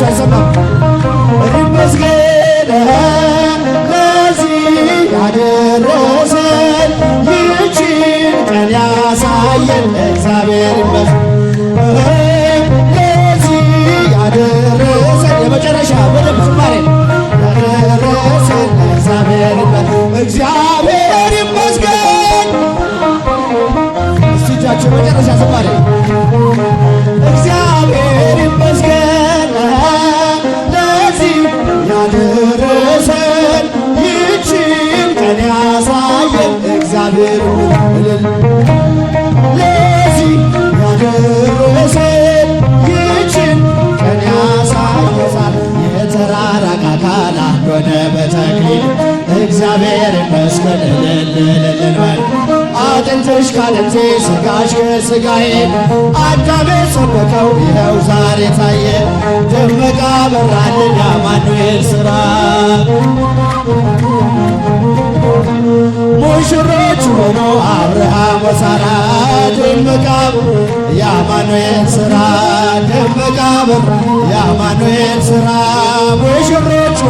ድምፃቸው አሰማ እንመስገን ለዚህ ያደረሰን ይህችን ቀን ያሳየን እግዚአብሔር ይመስገን ለዚህ ያደረሰን የመጨረሻ በደንብ ዝማሬ ያደረሰን እግዚአብሔር እግዚአብሔር ይመስገን። እስቲ እጃቸው መጨረሻ ዝማሬ ያደርጋል እግዚአብሔር እልል ለዚህ ያደረሰን ይችን ቀን ያሳየሳል የተራራቀ አካል አንድ በተክሊል እግዚአብሔር ይመስገን እልልልልልበል አጥንትሽ ካጥንቴ ሥጋሽ ከሥጋዬ አዳም ሰበከው ይኸው ዛሬ ታየ ደመቀ በራልን የአማኑኤል ስራ። ሙሽሮች ሆኖ አብርሃም ወሳራ ደመቃ የአማኑኤል ሥራ ደመቃ የአማኑኤል ሥራ ሙሽሮቹ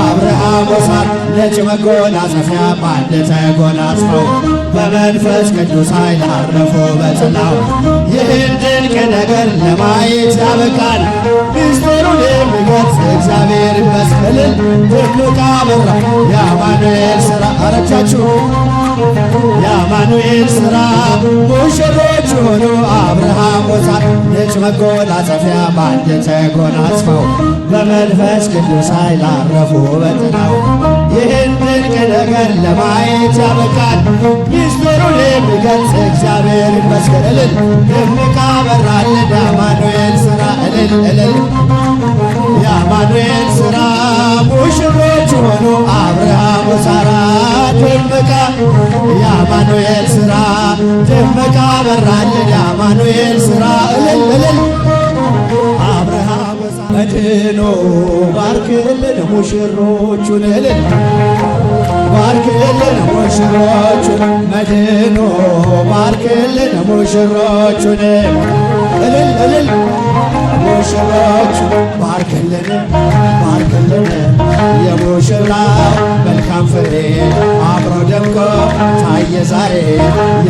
አብርሃም ወሳራ ነጭ መጎናጸፊያ ማደ ተጎናጽፈው በመንፈስ ቅዱስ ኃይል አረፎ በጽላው ይህን የሚያልቅ ነገር ለማየት ያበቃል። ምስጢሩን የሚገልጽ እግዚአብሔር ይመስገን። ድምቅ አበራ የአማኑኤል ሥራ አረቻችሁ የአማኑኤል ሥራ ሙሽሮች ሆኑ አብርሃም ወጣ ነጭ መጎናጸፊያ በአንድ ተጎናጽፈው በመንፈስ ቅዱስ ኃይል አረፉ በጥናው ለማየት ያበቃል። ሚስጥሩን የሚገልጽ እግዚአብሔር ይመስገን። እልል ድምቅ አበራልን የአማኑኤል ሥራ እልል እልል የአማኑኤል ሥራ ሙሽሮች ሆኑ አብርሃም ሳራ ድምቅ የአማኑኤል ሥራ ድምቅ አበራልን የአማኑኤል ሥራ እልል እልል አብርሃም ሳራ ድኖ ባርክልን ሙሽሮቹን እልል ባርክልን ሙሽሮቹን መድኖ ባርክልን ሙሽሮቹን እልል እልል ሙሽሮቹ ባርክልን ባርክልን የሙሽራው መልካም ፍሬ አብሮ ደምቆ ታየ ዛሬ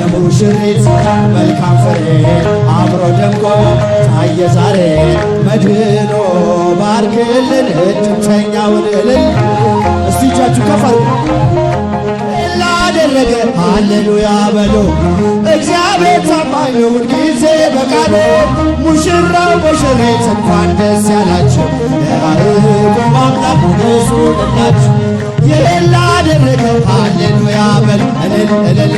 የሙሽሪት መልካም ፍሬ አብሮ ደምቆ ታየ ዛሬ መድኖ ባርክልን እድምተኛውን እልል እስቲ እጃችሁ ከፍ አድርጉ ነገር ሃሌሉያ በሎ እግዚአብሔር ታማኝ ሁል ጊዜ በቃሉ ሙሽራው ሙሽሪት እንኳን ደስ ያላችሁ የያዕቆብ አምላክ ሞገሱ ልላችሁ የሌላ አደረገው ሃሌሉያ በሎ እልል እልል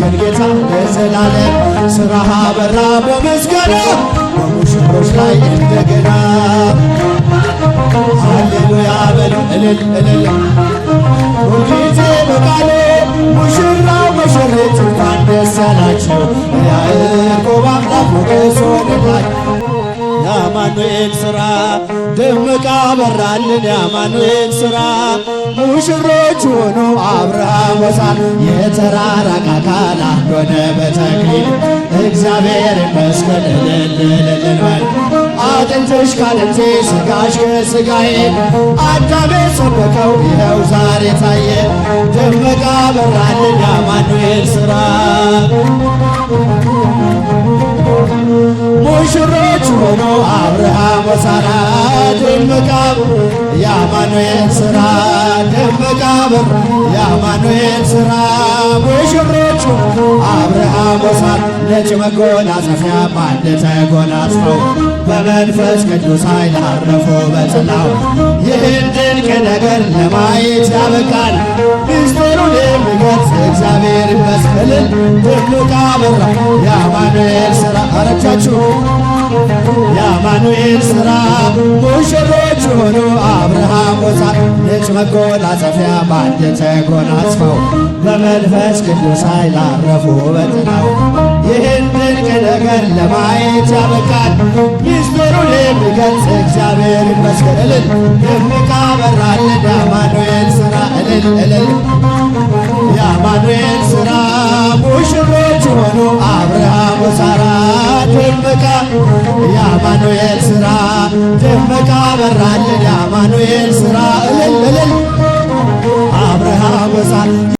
መስገን ጌታ ለዘላለም ስራሃ በራ በምስጋና በሙሽሮች ላይ እንደገና ሃሌሉያ በሉ እልል የአማኑኤል ስራ ደምቃ በራልን የአማኑኤል ስራ ሙሽሮች ሆኑ አብረውሳል የተራራቀ አካል አንድ በተክሊል እግዚአብሔር ይመስገን እልልልልልበል አጥንትሽ ካጥንቴ ሥጋሽ ከሥጋዬ አዳሜ ሰበከው ይኸው ዛሬ ታየ ደምቃ በራልን የአማኑኤል ስራ ብርሃናችሁ ሆኖ አብርሃም ወሳና ደመቃብር የአማኑኤል ስራ ደመቃብር የአማኑኤል ስራ ሙሽሮቹ አብርሃም ወሳና ነጭ መጎናጸፊያ ማንደ ተጎናጽፈው በመንፈስ ቅዱስ ኃይል አረፎ በጽላው ይህን ድንቅ ነገር ለማየት ያበቃል ምስጢሩን የሚገልጽ እግዚአብሔር ይመስገን ድምቃብር የአማኑኤል ስራ አረቻችሁ የአማኑኤል ሥራ ሙሽሮች ሆኑ አብርሃም ወፃ ነጭ መጎናጸፊያ በአንድ ተጎናጽፈው በመንፈስ ቅዱስ ኃይል አረፉ በጥናው ይህን ድንቅ ነገር ለማየት ያበቃል ሚስጥሩን የሚገልጽ እግዚአብሔር ይመስገን እልል ደምቃ በራልን የአማኑኤል ሥራ እልል እልል የአማኑኤል ሥራ ሙሽሮች ሆኑ አብርሃም ወሳራ የአማኑኤል ስራ ደመቃ በራልን የአማኑኤል ስራ